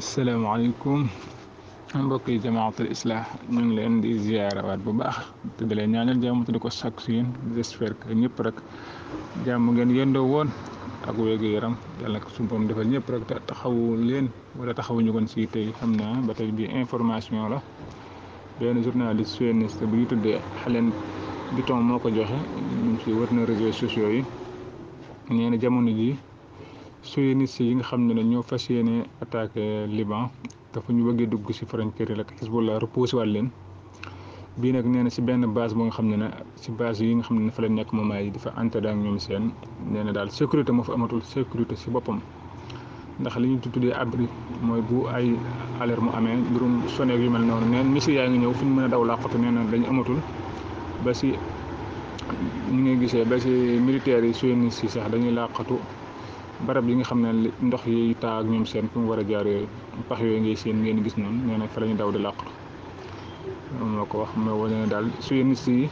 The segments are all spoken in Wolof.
salaamaaleykum mbokk yi jamaatul islah ñu ngi leen di bu baax te leen ñaanal jàmm ko sakku si yéen j'espère ñëpp rek jàmm ngeen yëndoo woon ak wéegu yaram yàlla ko suñu borom defal ñëpp rek taxawu leen wala taxawuñu kon si tey xam naa ba tey bi information la benn journaliste féministe bu ñu tuddee Hélène Biton moo ko joxe ñu ngi si wër na réseaux sociaux yi nee na sioniste yi nga xam ne na ñoo fas yéene attaqué Liban dafa ñu bëggee dugg si frontière yi rek Hezbollah repoussé waat leen bii nag nee si benn base bu nga xam ne ne si base yi nga xam ne ne fa nekk moment yi dafa antada ak ñoom seen nee na daal sécurité moo fa amatul sécurité si boppam ndax li ñu tuddee abri mooy bu ay alerte mu amee mbirum sonné yu mel noonu neen missile yaa ngi ñëw fu ñu mën a daw làqatu nee na dañu amatul ba si ñu ngi gisee ba si militaires yi sioniste yi sax dañuy làqatu barab yi nga xam ne ndox yi taa ak ñoom seen fu mu war a jaar yooyu pax yooyu ngay seen ngeen gis noonu nee na ñu daw di làqatu moo ko wax moo wane ne daal sioniste yi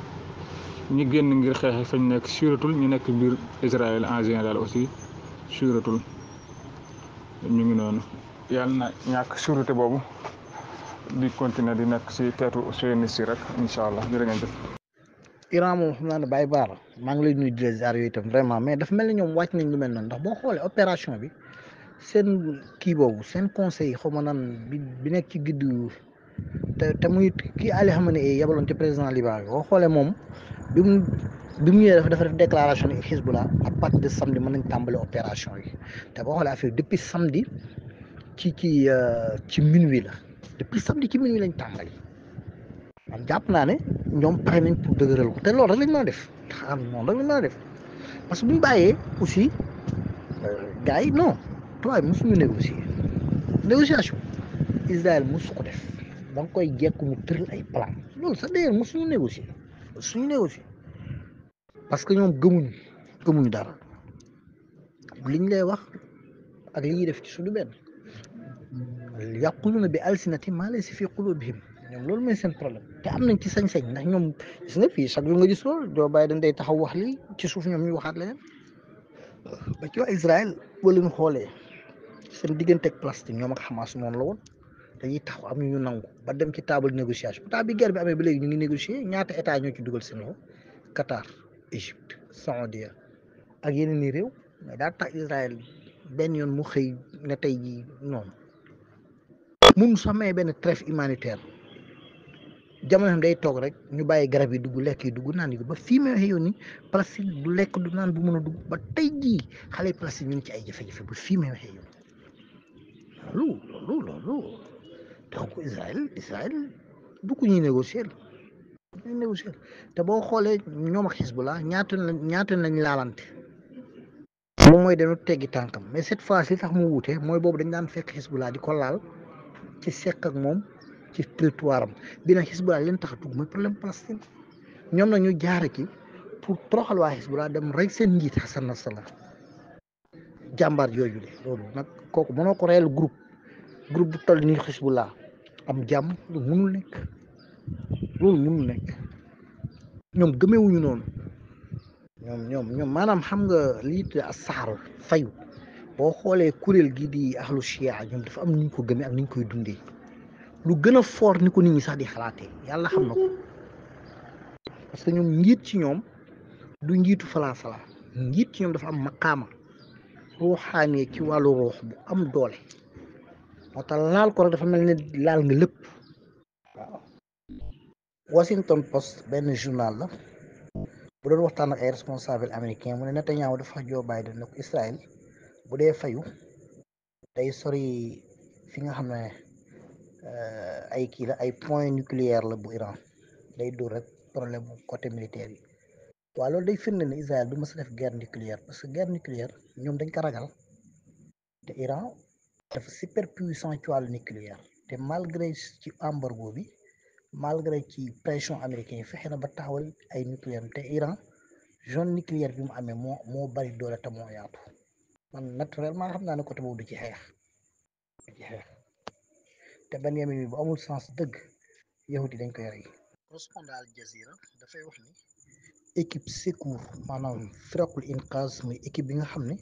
ñi génn ngir xeexe fañ nekk suuratul ñu nekk biir Israël en général aussi suuratul ñu ngi noonu yàlla na ñàkk suurate boobu di continuer di nekk si teetu sioniste yi rek incha allah jërë Iran moom xam naa ne Baye Baara maa ngi lay nuyu di leen ziar yooyu itam vraiment mais dafa mel ni ñoom wàcc nañ lu mel noonu ndax boo xoolee opération bi seen kii boobu seen conseil xaw ma naan bi nekk ci gidd te te muy kii Ali Khamenei yabaloon ci président Liban bi boo xoolee moom du mu bi mu dafa def déclaration ni Hezbollah à partir de samedi mën nañ tàmbali opération bi te boo xoolee affaire depuis samedi ci ci euh, ci minuit la depuis samedi ci minuit lañ tàmbali. man jàpp naa ne ñoom pare nañ pour dëgëral te loo rek lañ mën def xam noonu rek lañ mën def parce que bu ñu bàyyee aussi gars yi non tubaab yi mosuñu négocier négociation Israël mosu ko def da nga koy jekku mu tëral ay plan loolu sax d'ailleurs mosuñu négocier suñu négocier parce que ñoom gëmuñu gëmuñu dara liñ lay wax ak li ñuy def ci suñu benn yàquluna bi alsinati maa laysa fi qulubihim ñoom loolu mooy seen problème te am nañ ci señ señ ndax ñoom gis nga fii chaque jour nga gis loolu Joe Biden day taxaw wax li ci suuf ñoom ñu waxaat leneen ba ci waa Israël boo leen xoolee seen diggante ak ñoom ak Hamas noon la woon dañuy taxaw am ñu ñu nangu ba dem ci table négociation pourtant bi guerre bi amee ba léegi ñu ngi négocier ñaata état ñoo ci dugal seen loxo Qatar Égypte Saoudia ak yeneen i réew mais daa tax Israël benn yoon mu xëy ne tey jii noonu mu sax may benn trêve humanitaire jamono yi day toog rek ñu bàyyi garab yi dugg lekk yi dugg naan yi ba fii may waxee yow nii plastique du lekk du naan bu mën a dugg ba tey jii xale plastique ñu ngi ci ay jafe-jafe ba fii may waxee yow loolu loolu loolu donc Israël te boo xoolee ñoom ak Hezbollah ñaata lañ ñaata lañ laalante moom mooy dañu teggi tànkam mais cette fois ci tax mu wuute mooy boobu dañ daan fekk Hezbollah di ko laal ci sekk ak moom. ci territoire am dina Hezbollah leen tax a dugg mooy problème Palestine ñoom nag ñu jaare ki pour toroxal waa Hezbollah dem rek seen njiit Hassan Nasrallah jàmbaar yooyu de loolu nag kooku mënoo ko reyal groupe groupe bu toll nii Hezbollah am jàmm lu mënul nekk loolu mënul nekk ñoom gëmewuñu noonu ñoom ñoom ñoom maanaam xam nga lii a asaar fayu boo xoolee kuréel gii di ahlu chia ñoom dafa am nu ñu ko gëmee ak nu ñu koy dundee lu gën a fort ni ko nit ñi sax di xalaatee yàlla xam na ko parce que ñoom njiit ci ñoom du njiitu falaa falaa njiit ci ñoom dafa am maqaama ruuxaanee ci wàllu ruux bu am doole moo tax laal ko rek dafa mel ni laal nga lépp waaw Washington Post benn journal la bu doon waxtaan ak ay responsable américain mu ne Netanyahu dafa joobaay Biden ne ko Israël bu dee fayu day sori fi nga xam ne Euh, ay kii la ay point nucléaire la bu Iran day dóor rek problème mu côté militaire yi waaw loolu day firnde ne Israël du mës a def guerre nucléaire parce que guerre nucléaire ñoom dañ ko ragal te Iran dafa super puissant ci wàllu nucléaire te malgré ci embargo bi malgré ci pression américain yi fexe na ba taxawal ay nucléaire te Iran zone nucléaire bi mu amee moo moo bari doole te moo yaatu man naturellement xam naa ne côté boobu du ci xeex. te Benyamin bi bu amul sens dëgg yahut yi dañ koy rey correspondant Al Jazeera dafay wax ni équipe secours maanaam firaqul inqaz muy équipe bi nga xam ne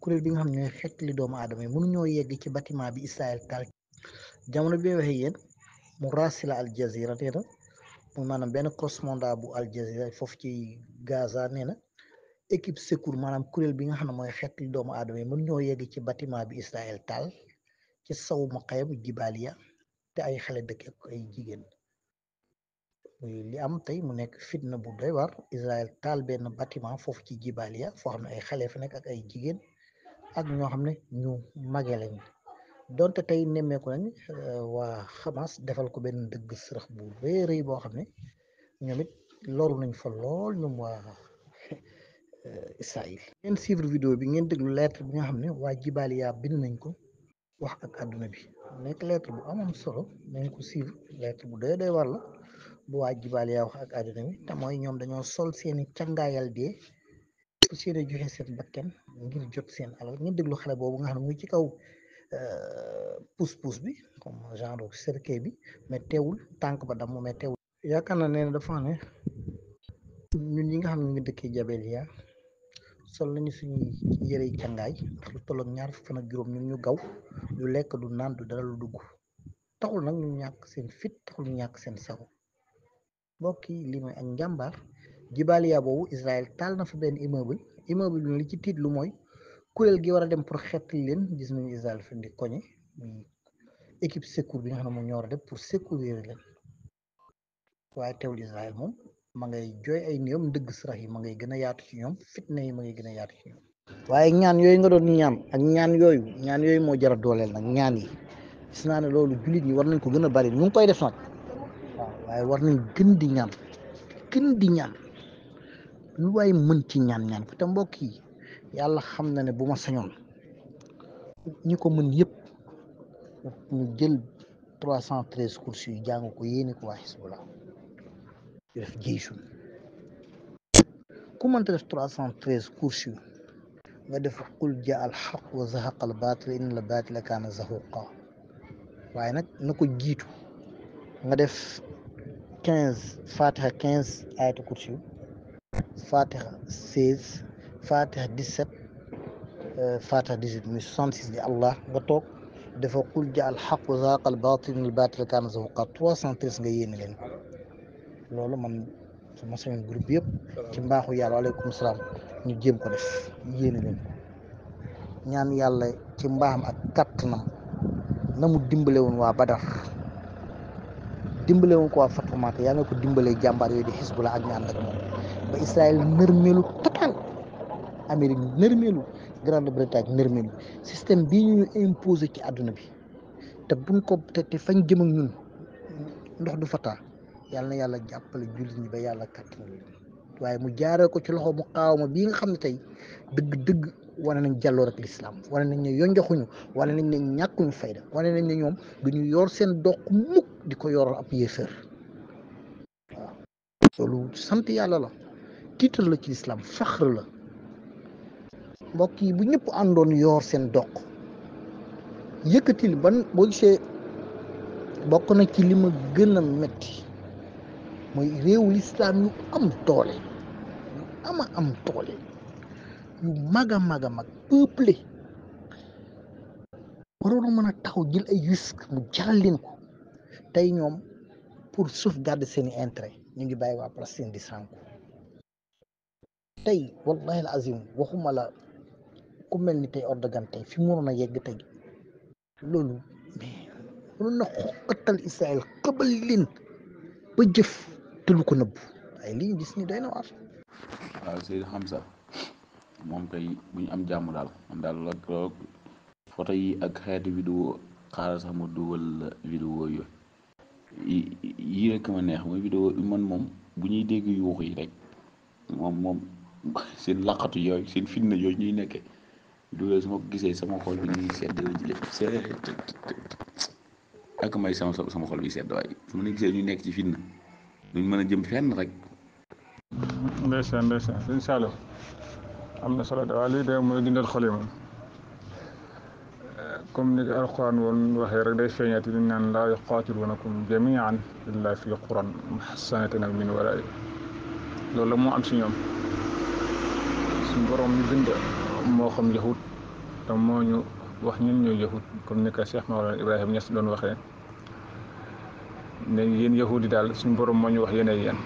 kuréel bi nga xam ne ñooy xekk doomu aadama yi mënu ñoo yegg ci bâtiment bi Israël taal jamono bi may waxee mu rasila Al Jazeera nee maanaam benn correspondant bu Al Jazeera foofu ci Gaza nee na équipe secours maanaam kuréel bi nga xam ne mooy xekk li doomu aadama yi mënu ñoo yegg ci bâtiment bi Israël taal ci saw maqayamu jibaaliya te ay xale dëkk ak ay jigéen li am tey mu nekk fitna bu doy war Israël taal benn bâtiment foofu ci jibaaliya foo xam ne ay xale fa nekk ak ay jigéen ak ñoo xam ne ñu mage lañ donte tey nemmeeku nañ euh, waa Hamas defal ko benn dëgg sërëx bu rëy rëy boo xam ne ñoom it loru nañ fo lool ñoom waa euh, Israël ngeen suivre vidéo bi ngeen déglu lettre bi nga xam ne waa jibaaliya bind nañ ko wax ak àdduna bi nekk lettre bu amoon solo nañ ko suivre lettre bu doy doy war la bu waa jibaal yaa wax ak àdduna bi te mooy ñoom dañoo sol seeni cangaayal dee su seen a joxe seen bakkan ngir jot seen alal ñu déglu xale boobu nga xam ne mu ci kaw euh, pousse-pousse bi comme genre cercueil bi mais teewul tànk ba damm mais teewul yaakaar naa ne dafa ne ñun ñi nga xam ne dëkkee jabel yaa sol nañu suñuy yëre càngaay ndax lu tolloog ñaar fukk fan juróom ñun ñu gaw lu lekk du naan du dara dugg taxul nag ñu ñàkk seen fit taxul ñu ñàkk seen sago mbokk yi li mooy ak njàmbaar jibaliya boobu Israël taal na fa benn immeuble immeuble bi li ci tiit lu mooy kuréel gi war a dem pour xeetli leen gis nañu Israël fi di koñe muy équipe secours bi nga xam ne moom ñoo a def pour sécuriser leen waaye teewul Israël moom ma ngay jooy ay néewam ndëgg sarax yi ma ngay gën a yaatu ci ñoom fitna yi ma ngay gën a yaatu ci ñoom waaye ñaan yooyu nga doon ñaan ak ñaan yooyu ñaan yooyu moo jara dooleel nag ñaan yi gis naa ne loolu jullit ñi war nañ ko gën a bari ñu ngi koy def nag waaye war nañ gën di ñaan gën di ñaan lu waaye mën ci ñaan ñaan ko te mbokk yi yàlla xam na ne bu ma sañoon ñi ko mën yëpp ñu jël trois cent treize courses yu jàng ko yéene ko waa Hizbullah def jiisu ku mënta def trois cent treize course def qul ja al xaq wa zahaqa al baatil inna kaana zahuqa waaye nag na ko jiitu nga def quinze fatiha quinze ayatu course yu fatiha seize fatiha dix sept euh, fatiha dix huit muy soixante six di allah nga toog dafa qul ja al xaq wa zahaqa al baatil inna kaana zahuqa nga yéene leen loolu man su ma sañoon groupe ci mbaaxu yàlla waaleykum salaam ñu jéem ko def yéene leen ñaan yàlla ci mbaaxam ak kàttanam na mu dimbale woon waa Badar dimbale woon ko waa Fatu Maka yàlla ko dimbale jàmbaar yooyu di Hizbullah ak ñu ànd ak moom ba Israël nërmeelu total Amérique nërmeelu Grande-Bretagne nërmeelu système bii ñu imposé ci àdduna bi te buñ ko te fañ jëm ñun ndox du fataa yàlla na yàlla jàppale jullit ñi ba yàlla kàttan waaye mu jaaree ko ci loxo mu xaawma bii nga xam ne tey dëgg-dëgg wane nañ jàlloor ak lislaam wane nañ ne yonjoxuñu wane nañ ne ñàkkuñu fayda wane nañ ne ñoom duñu yoor seen dox mukk di ko yoral ab yéeféer waaw loolu sant yàlla la tiital la ci lislaam faxr la mbokk yi bu ñëpp àndoon yoor seen doq yëkkatil boo gisee bokk na ci li ma gën a metti mooy réewu lislaam yu am doole yu ama am doole yu mag a mag a mag peuplé waroon mën a taxaw jël ay risque mu jaral leen ko tey ñoom pour sauvegarder seen i intérêt ñu ngi bàyyi waa seen di sànku tey wallahi al azim waxuma la ku mel ni tey Erdogan tey fi mu waroon a yegg tey loolu mais waroon na xoqatal Israël xëbal leen ba jëf te lu ko nëbb waaye li ñu gis ni doy na waar. waaw Seydou Hamza moom kay bu ñu am jàmm daal man daal loolu photo yi ak xeetu vidéo xaaral sax ma dugal vidéo yooyu yi rek ma neex mooy vidéo man moom bu ñuy dégg yuux yi rek moom moom seen laqatu yooyu seen fitna yooyu ñuy nekkee vidéo su ma gisee sama xol bi ñuy sedd ci sama sama xol bi sedd waaye su ma gisee ñu nekk ci fitna. duñ mën a jëm fenn rek. ndeysaan ndeysaan am na solo de waaye lii de mooy dundal xol yi moom comme ni ko alquran woon waxee rek day feeñaati li naan laa yuqaatilunakum jamian illa fi quran muhassanatin min waraay loolu la moo am si ñoom suñ borom ñu bind moo xam yahut te moo ñu wax ñun ñooy yahut comme ni ko Cheikh Maolana Ibrahima Niass doon waxee. ne yéen yahudi daal suñu borom moo ñu wax yéen yéen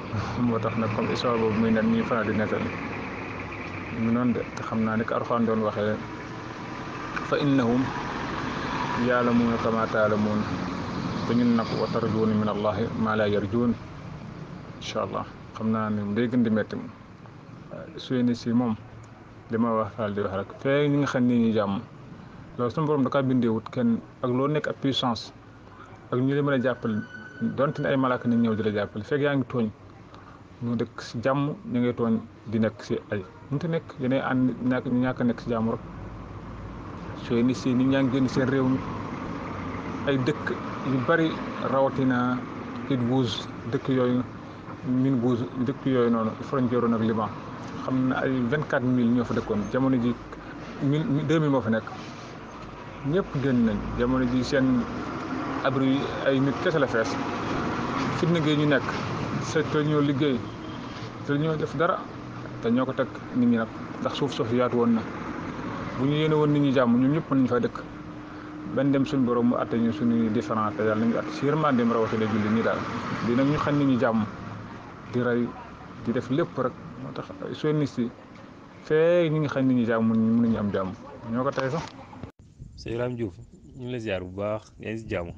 moo tax na comme histoire boobu muy nen ñuy faral di nettali mu noonu de te xam naa ne ko Alxuraan doon waxee fa innahum yaalamuuna kama taalamuun te ñun nag wa tarjuuna min allahi maa laa yarjuun incha allah xam naa ne day gën di métti moom suyeni si moom li ma wax faral di wax rek fee ñi nga xam ne ñu jàmm loolu suñu borom da kaa bindee ak loo nekk ak puissance ak ñu leen mën a jàppale donte ne ay malaaka nañ ñëw di la jàppale fekk yaa ngi tooñ ñu dëkk si jàmm ñu ngay tooñ di nekk si ay mënta nekk yene ànd ñàkk ñàkk nekk si jàmm rek sooy ni si nit ñaa ngi génn seen réew mi ay dëkk yu bari rawatina it buus dëkk yooyu min buus dëkk yooyu noonu frontière ak Liban xam na ay vingt quatre mille ñoo fa dëkkoon jamono ji mille deux mille moo fa nekk ñëpp génn nañ jamono ji seen abri yi ay nit kese la fees fitna gi ñu nekk se te ñoo liggéey te ñoo def dara te ñoo ko teg nit ñi nag ndax suuf soosu yaatu woon na bu ñu yéene woon nit ñi jàmm ñun ñëpp mën nañu fay dëkk benn dem suñu mu atte ñu suñu différence te yàlla nañu at si yërmandeem rawatina daal di nag ñu xam nit ñi jàmm di rey di def lépp rek moo tax sioniste yi fee ñi ngi xañ nit ñi jàmm mën ñu am jàmm ñoo ko tey sax. sëñ Ibrahima Diouf ñu ngi lay bu baax yaa ngi jàmm.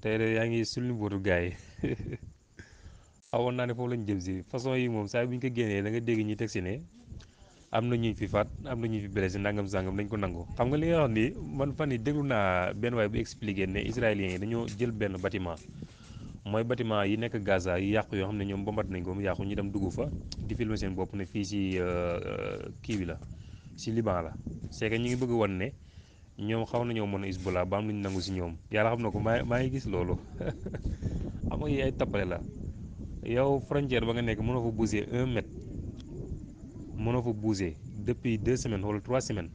tey de yaa ngi sulli mbootu gars yi awoon naa ne foofu lañu jëm si façon yi moom saa bu ñu ko génnee da nga dégg ñuy teg si ne am na ñuy fi faat am na ñu fi blessé nangam sangam dañ ko nangu. xam nga li nga wax ni man fan yi déglu naa benn waay bu expliqué ne israéliens yi dañoo jël benn bâtiment mooy bâtiment yi nekk Gaza yi yàqu yoo xam ne ñoom bombat nañ ko mu yàqu ñu dem dugg fa di filmer seen bopp ne fii si euh, euh, kii bi la si Liban la c'est ñu ngi bëgg won ne. ñoom xaw nañoo mën a isbulaa ba am lu nangu si ñoom yàlla xam na ko maa maa ngi gis loolu am nga yi ay tappale la yow frontière ba nga nekk mënoo fa bouger un mètre mënoo fa bouger depuis deux semaines wala trois semaines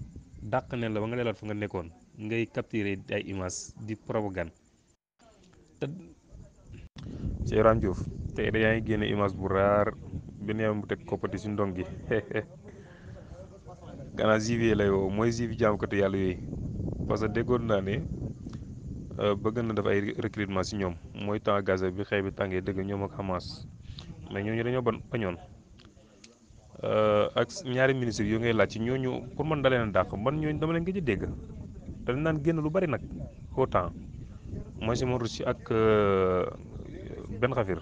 dàq ne la ba nga delaat fa nga nekkoon ngay capturer ay image di propagande te Cheikh Ram te tey yaa ngi génne image bu raar bi ne mu teg koppati si ndong gi gannaaw jivi lay woo mooy jivi jaamkatu yàlla yooyu parce que déggoon naa ne euh, bëgg na def ay recrutement si ñoom mooy temps Gaza bi xeex bi tàngee dëgg ñoom ak Hamas mais ñooñu dañoo ban bañoon euh, ak ñaari ministre yu ngay laaj ci ñooñu pour man dalee na dàq man ñooñu dama leen gëj a dégg dañ naan génn lu bari nag autant mooy si Russie ak euh, benn xafir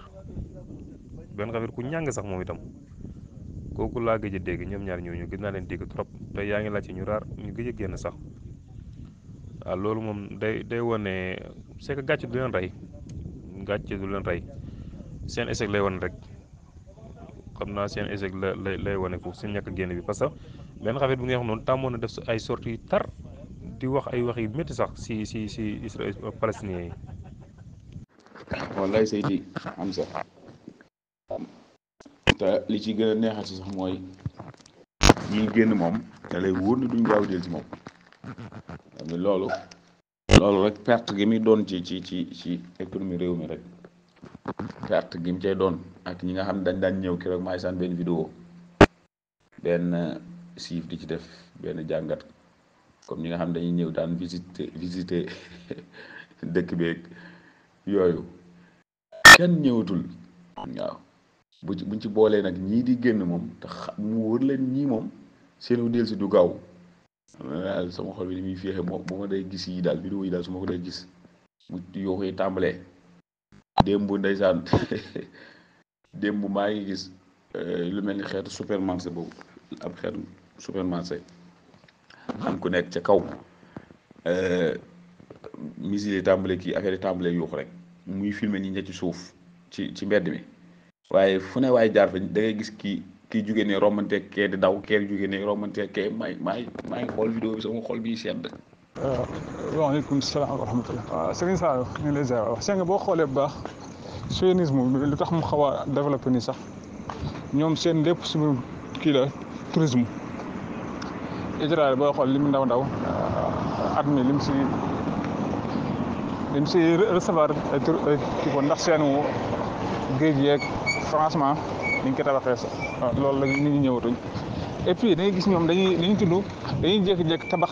benn xafir ku ñàng sax moom itam kooku laa gëj a dégg ñoom ñaar ñooñu gis naa leen dégg trop te yaa ngi laaj ñu raar ñu gëj a génn sax. waaw loolu moom day day wane c'est que gàcce du leen rey gàcce du leen rey seen échec lay wane rek xam naa seen échec la lay lay wane foofu seen ñàkk génn bi parce que benn xafet bu nga xam noonu tàmmoon na def ay sorties tar di wax ay wax yu métti sax si si si Israël palestiniens yi. wallaay Seydi am sax te li ci gën a neexati sax mooy ñuy génn moom da lay wóor ni duñ gaaw del ci moom. mi loolu loolu rek perte gi muy doon ci ci ci ci économie réew mi rek perte gi mu cay doon ak ñi nga xam dañ daan ñëw ki rek maay saan benn vidéo benn siif di ci def benn jàngat comme ñi nga xam dañuy ñëw daan visiter visiter dëkk beeg yooyu kenn ñëwatul waaw bu ci buñ ci boolee nag ñii di génn moom tax mu wër leen ñii moom seenu del si du gaaw daal sama xol bi ni muy féexee moo bu ma day gis yi daal vidéo yi daal su ma ko day gis mu tàmbalee démb ndeysaan démb maa ngi gis euh, lu mel ni xeetu supermarché boobu ab xeetu supermarché xam ku nekk ca kaw euh, misile tàmbale kii affaire yi tàmbale yuux rek muy filmer nii ña ci suuf ci ci mbedd mi waaye fu ne waaye jaar fa da gis kii kii jugee ne romanteeg kee di daw kee jugee ne romanteeg kee may may may xool vidéo bi sama xol bi sedd. waaw euh, waaleykum salaam wa rahmatulah. waaw euh, Serigne Saliou ñu boo xoolee bu baax sionisme lu tax mu xaw a développé nii sax ñoom seen lépp suñu kii la tourisme Israël boo xool li mu ndaw ndaw euh, at mi lim si lim si recevoir ay ndax seen géej yeeg franchement. niñ ko tabaxee sax ah, loolu la ñu ñi ñëwatuñ et dañuy gis ñoom dañuy dañuy tudd dañuy jékki-jékki tabax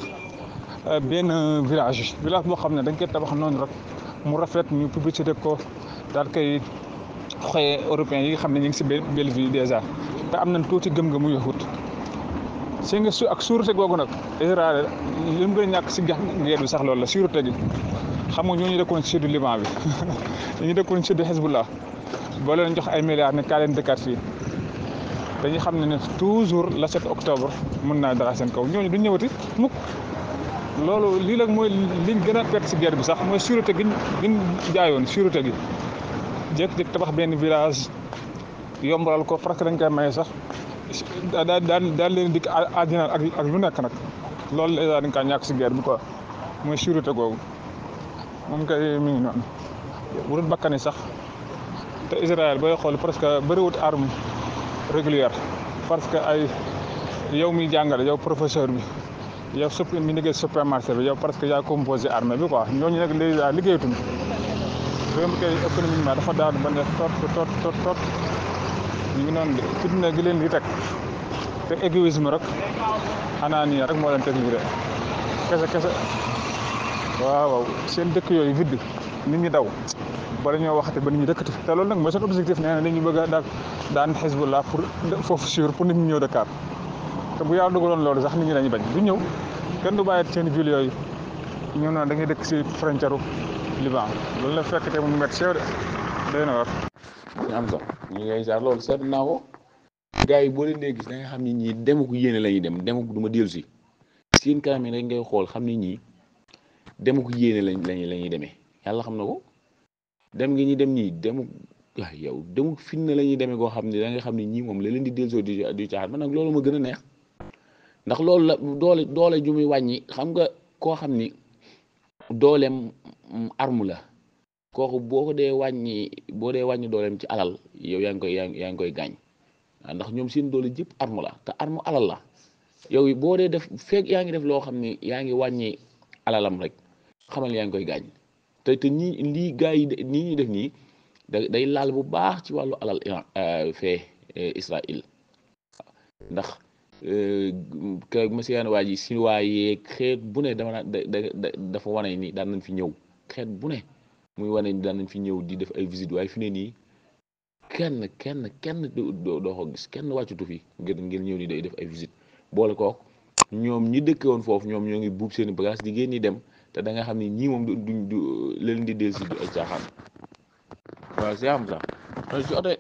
euh, benn village village boo xam ne dañ koy tabax noonu rek mu rafet ñu publicité ko dal koy xoyee européens yi nga xam ne ñu ngi si Belleville dèjà am nañ tuuti gëm-gëmu yahut si nga su ak sûreté googu nag Israël li mu gën a ñàkk si guerre bi sax loolu la sûreté gi xam nga ñooñu dëkkoon si sud Liban bi ñu dëkkoon si sud boo leen jox ay milliards ne kaa leen dëkkaat fii dañuy xam ne ne toujours la 7 octobre mun naa dara seen kaw ñooñu du ñëwati mukk loolu lii nag mooy liñ gën a perte si guerre bi sax mooy sûreté gi giñ jaayoon sûreté gi jékki-jékki tabax benn village yombalal ko parce que dañ koy maye sax daa daan daan leen dikk àddina ak ak lu nekk nag loolu la dañ kaa ñàkk si guerre bi quoi mooy sûreté googu moom kay mi ngi bakkani sax te Israël booy xool presque bëriwut arme régulière parce que ay yow miy jàngale yow professeur bi yow sup mi liggéey supermarché bi yow parce que yaa composé armée bi quoi ñooñu nag léegi daal liggéeyatuñu réew dafa daal ba ne tot tot tot tot ñu ngi noonu de fitna gi leen di teg te égoïsme rek xanaa nii rek moo leen teg lii de kese kese waaw seen dëkk yooyu vide. nit ñi daw ba dañoo waxate ba nit ñi dëkkatu te loolu nag mooy seen objectif nee na dañu bëgg a daa daan Hezbollah pour foofu sûr pour nit ñi ñëw Dakar te bu yàlla dugaloon lool sax nit ñi dañu bañ du ñëw kenn seen ville yooyu ñëw da ngay dëkk si frontière Liban loolu la fekk te mu métti sew de day na war. ñu am sax ñu ngi jaar loolu seet naa ko gars yi boo leen dee gis da xam ni ñii demuk yéene la ñuy dem demuk du ma dellu si seen kanam yi ngay xool xam ni ñii demuk yéene lañ lañ la ñuy demee. yàlla xam na ko dem ngi ñi dem ñii demu waaw yow demu finna la ñuy demee koo xam ne da nga xam ne ñii moom la leen di delsoo di di caaxaan man nag loolu ma gën a neex ndax loolu la doole doole ju muy wàññi xam nga koo xam ni dooleem arme la kooku boo ko dee wàññi boo dee wàññi dooleem ci alal yow yaa ngi koy yaa ngi koy gaañ ndax ñoom seen doole jëpp arme la te arme alal la yow boo dee def feeg yaa ngi def loo xam ni yaa ngi wàññi alalam rek xamal yaa ngi koy gaañ te nii lii gars yi nii ñuy def nii da day laal bu baax ci wàllu alal Iran euh, fee euh, Israël ndax euh, ka masiyaan waa ji si yeeg xeet bu ne dama da dafa wane ni daan nañ fi ñëw xeet bu ne muy wane ni daan nañ fi ñëw di def ay visit waaye fi ne nii kenn kenn kenn doo ko gis kenn wàccutu fi ngir ngir ñëw nii day def ay visit boole kook ñoom ñi dëkke woon foofu ñoom ñoo ngi buub seeni bagage di génn dem. danga xam ni ñii moom du leen di dellusi du ay caaxaan waaw si xam sax ci oto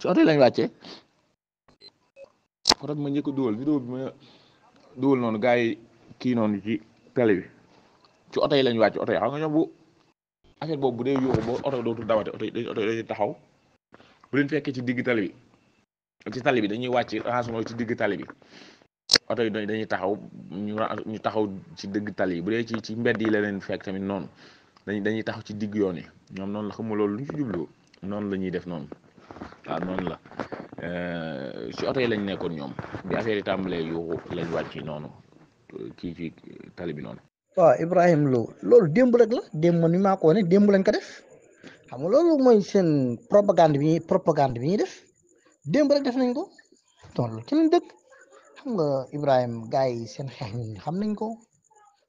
ci oto lañ wàccee oto ma njëkk a dugal vidéo bi ma kii noonu ci bi ci lañ wàcc oto xam nga ñoom bu affaire boobu bu dee yóbbu ba oto dootul dawate oto yi taxaw bu leen fekkee ci digg tali bi ci tali bi dañuy wàcc raxas mooy ci digg tali bi oto yi dañuy taxaw ñu ñu taxaw ci dëgg tali yi bu dee ci ci mbedd yi la leen fekk tamit noonu dañuy dañuy taxaw ci digg yoon yi ñoom noonu la xamul loolu lu ñu ci noonu la def noonu waaw noonu la euh, ci yi lañ nekkoon ñoom affaire yi tàmbalee yuuxu lañ wàcc noonu kii ci tali bi noonu. waaw Ibrahima Lo loolu démb la démb man mi démb lañ ko def xam nga loolu mooy seen propagande bi ñuy bi ñuy def rek def nañ ko donc kenn dëkk. xam nga Ibrahima gars yi seen xeex ñi xam nañ ko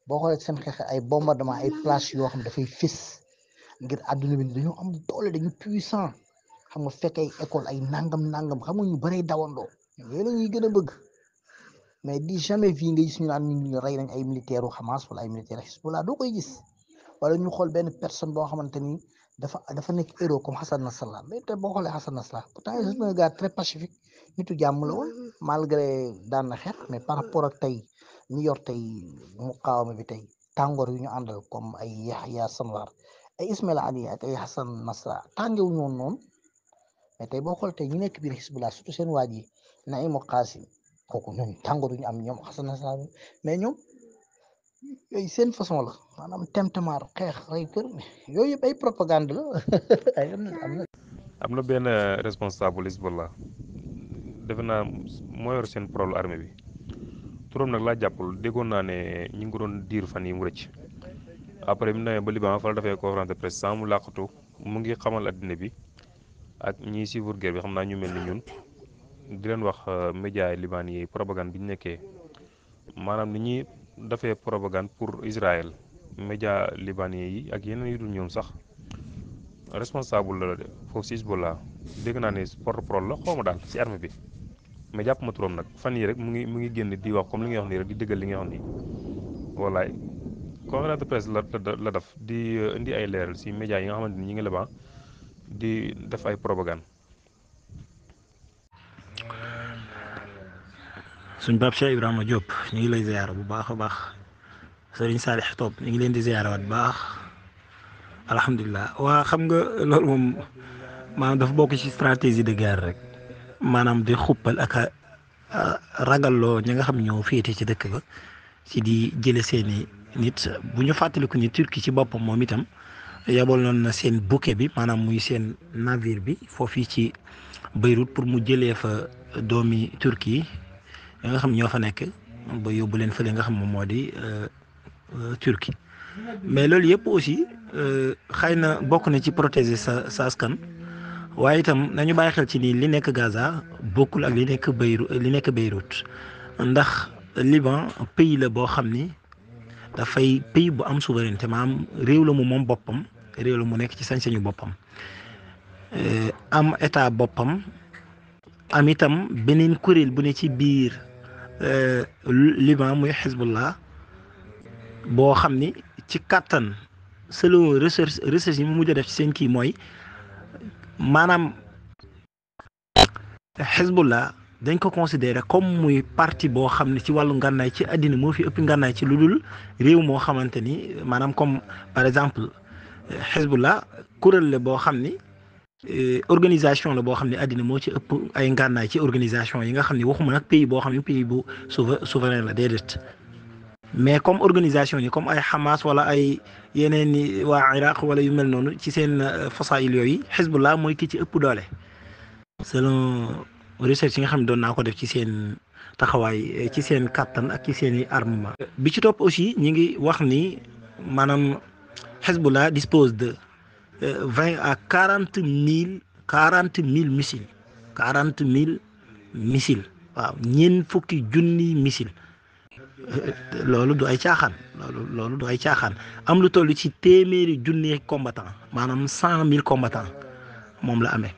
boo xoolee seen xeex ay bombardement ay place yoo xam dafay fis ngir àdduna bi dañoo xam doole dañu puissant xam nga fekk ay école ay nangam nangam xam nga ñu bëree dawandoo yooyu la ñuy gën a bëgg mais di jamais fii nga gis ñu naan ñu rey nañ ay militaire u Hamas wala ay militaire Hezbollah doo koy gis wala ñu xool benn boo xamante dafa dafa nekk héros comme Hassan Nasrallah mais te boo xoolee Hassan Nasrallah pourtant c'est mm-hmm. un gars très pacifique nitu jàmm la woon mm-hmm. malgré daan na xeex mais par rapport ak tey ñu yor tey muqaawama bi tey tàngoor yu ñu àndal comme ay Yahya Sanwar ay Ismaila Ali ak ay Hassan Nasrallah tàngewu ñoon noonu mais tey boo xoolee ñu nekk biir Hizbullah surtout seen waa ji Naïm Qasim kooku ñoom tàngoor yu ñu am ñoom Hassan Nasrallah mais ñoom yooyu seen façon la maanaam temtamaar xeex rey kër yooyu yëpp propagande la am na benn euh, responsable Hezbollah defe naa moo yor seen problème armée bi turam nag laa jàppul déggoon naa ne ñu ngi ko doon diir fan yi mu rëcc après bi mu demee ba Liban defee conférence de mu làqatu mu ngi xamal addina bi ak ñiy suivre guerre bi xam naa ñu mel ni ñun di leen wax euh, média liban yi propagande bi ñu nekkee maanaam ni ñuy dafee propagande pour Israël média libanais yi ak yeneen yu dul ñoom sax responsable la foofu si Hezbollah dégg naa ne porte-parole la xaw ma daal si armée bi mais jàpp ma turam nag fan yi rek mu ngi mu ngi génn di wax comme li nga wax nii rek di dëggal li nga wax nii wallaay conférence de presse la la def di euh, indi ay leeral si média yi nga xamante ni ñu ngi Liban di def ay propagande suñ Pape Cheikh Ibrahima Diop ñu ngi lay ziyaara bu baax a baax sëriñ Saalix Top ñu ngi leen di ziyaara waat baax alhamdulilah waa xam nga loolu moom maa dafa bokk ci stratégie de guerre rek maanaam di xuppal ak ragalloo ñi nga xam ñoo féete ci dëkk ba ci di jële seeni nit bu ñu fàttaliku ni Turquie ci boppam moom itam yabal noon na seen bouquet bi maanaam muy seen navire bi foofii ci Beyrouth pour mu jëlee fa doomi Turquie nga xam ñoo fa nekk ba yóbbu leen fële nga xam moom moo di euh, euh, Turquie mais loolu yëpp aussi euh, xëy na bokk na ci protéger sa sa askan waaye itam nañu bàyyi xel ci nii li nekk Gaza bokkul ak li nekk Beyrouth li nekk Beyrouth ndax Liban pays la boo xam ni dafay pays bu am souveraineté maanaam réew la mu moom boppam réew la mu nekk ci sañ-sañu boppam am état boppam am itam beneen kuréel bu ne ci biir Euh, Liban muy Hezbollah boo xam ni ci kàttan selon recherche recherche yi mu mujj def ci seen kii mooy maanaam Hezbollah dañ ko considéré comme muy partie boo xam ne ci wàllu ngànnaay ci àddina moo fi ëpp ngànnaay ci lu dul réew moo xamante ni maanaam comme par exemple Hezbollah kuréel la boo xam ni Euh, organisation la boo xam ne addina moo ci ëpp ay ngànnaay ci organisation yi nga xam ne waxuma nag pays boo xam ne pays bu souverain la déedéet mais comme organisation yi comme ay Hamas wala ay yeneen i waa Iraq wala yu mel noonu ci seen euh, fasaayil yooyu Hezbollah mooy ki ci ëpp doole selon recherche yi nga xam ne doon naa ko def ci seen taxawaay euh, ci seen kattan ak ci seen i armement bi ci topp aussi ñi ngi wax ni maanaam Hezbollah dispose de Euh, vingt à quarante mille quarante mille missiles quarante mille missiles waaw ñeen fukki junni missiles euh, loolu du ay caaxaan loolu loolu du ay caaxaan am lu toll ci téeméeri junni combattant maanaam cent mille combattant moom la amee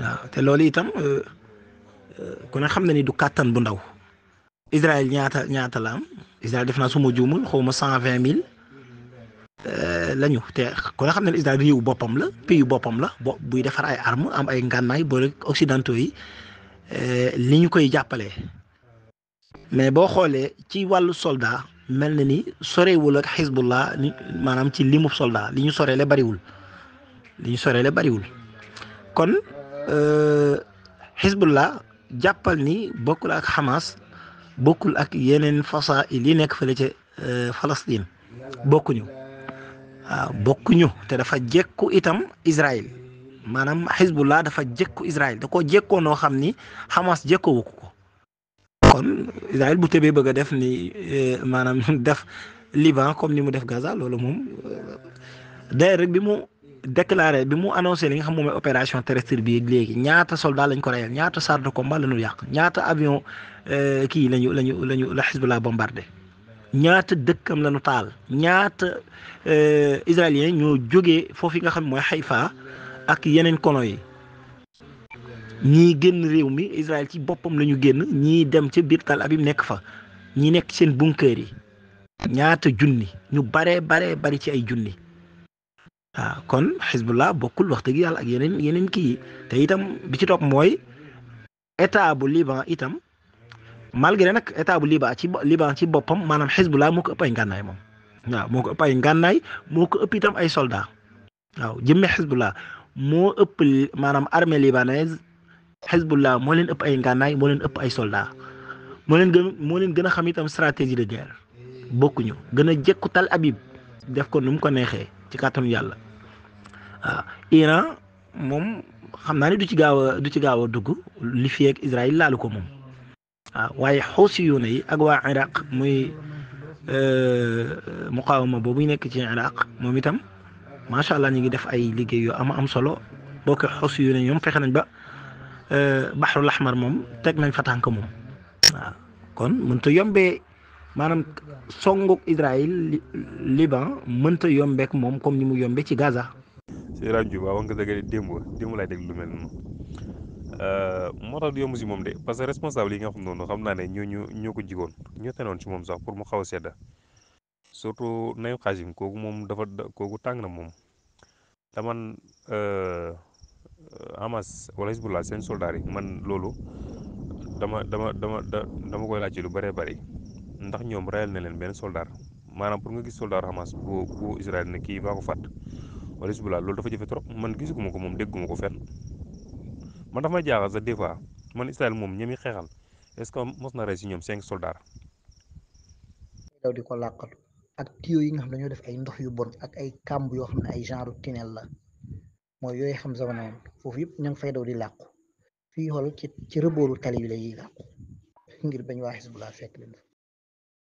waaw te loolu itam euh, kon ne xam na ni du kàttan bu ndaw Israël ñaata ñaata la am def naa suma ma juumul xaw ma cent vingt mille lañu te ku xam ne Israël réewu boppam la pays boppam la bo buy defar ay armes am ay ngànnaay boo rek occidentaux yi euh, li ñu koy jàppalee mais boo xoolee ci wàllu soldat mel na ni sorewul ak xisbullah ni maanaam ci limub soldat li ñu soreele bariwul li ñu soreele bariwul kon xisbullah euh, jàppal ni bokkul ak Hamas bokkul ak yeneen fasaa yi li nekk fële ca euh, Palestine bokkuñu waaw ah, bokkuñu te dafa jekku itam Israël maanaam Hezbollah dafa jekku Israël da koo jekkoo noo xam ni Hamas jekkoowu ko kon Israël bu tëbee bëgg a def ni eh, maanaam def Liban comme ni mu def Gaza loolu moom eh, d'ailleurs rek bi mu déclaré bi mu annoncé li nga xam moom mooy opération terrestre bi léegi ñaata soldat lañ ko reyal ñaata char de combat la ñu yàq ñaata avion eh, kii lañu lañu lañu la Hezbollah bombardé. ñaata dëkkam la ñu taal ñaata euh, israélien ñoo jógee foofu nga xam ne mooy Haïfa ak yeneen kono yi ñii génn réew mi Israël ci boppam la ñu génn ñii dem ci biir Tel Aviv nekk fa ñi nekk seen bunkër yi ñaata junni ñu bare baree bari ci ay junni waaw kon Hezbollah bokkul wax dëgg yàlla ak yeneen yeneen kii te itam bi ci topp mooy état bu Liban itam. malgré nag état bu Liban ci Liban ci boppam maanaam Hezbollah moo ko ëpp ay ngànnaay moom waaw moo ko ëpp ay ngànnaay moo ko ëpp itam ay soldats waaw jëmme Hezbollah moo ëpp maanaam armée libanaise Hezbollah moo leen ëpp ay ngànnaay moo leen ëpp ay soldats moo leen gën moo leen gën a xam itam stratégie de ger bokkuñu gën a jekku Tel Aviv def ko nu mu ko neexee ci kàttanu yàlla waaw Iran moom xam naa ne du ci gaaw a du ci gaaw a dugg li fi ak Israël laalu ko moom. waaw ah, waaye xusiyuuna yi ak waa iraq muy euh, muqaawama boobu nekk ci iraq moom itam macha allah ñu ngi def ay liggéey yu ama am solo boo ko xusiyuuna ñoom fexe nañ ba euh, baxrul ahmar moom teg nañ fa tànk moom waaw kon mënta yombee maanaam songuk Israël Liban mënta yombeek moom comme ni mu yombe ci Gaza. Seydou Ndiou ba wax nga dëgg démb démb laay dégg lu mel Euh, moo tax du yomb si moom de parce que responsable yi nga xam noonu xam naa ne ñooñu ñoo ko jigoon ñoo tenoon si moom sax pour mu xaw a sedda surtout nayu xaasim kooku moom dafa kooku tàng na moom taman euh, Hamas wala Hezbollah seen soldaar man loolu dama dama dama dama koy laajte lu bëree bëri ndax ñoom rayal na leen benn soldaar maanaam pour nga gis soldaar Hamas bu bu Israël ne kii baa ko fàtt wala Hezbollah loolu dafa jafe trop man gisuguma ko moom dégguma ko fen man dafa may jaaxal sax des fois man Israël moom ñi muy xeexal est-ce que mos na rey si ñoom cinq soldats. daw di ko làqatu ak tiyo yi nga xam dañoo def ay ndox yu bon ak ay kàmb yoo xam ne ay genre tunnel la mooy yooyu xam sama noonu foofu yëpp ña ngi fay daw di làqu fii xool ci ci rëbooru tali bi la yiy làqu ngir bañ waa Hezbollah fekk leen fa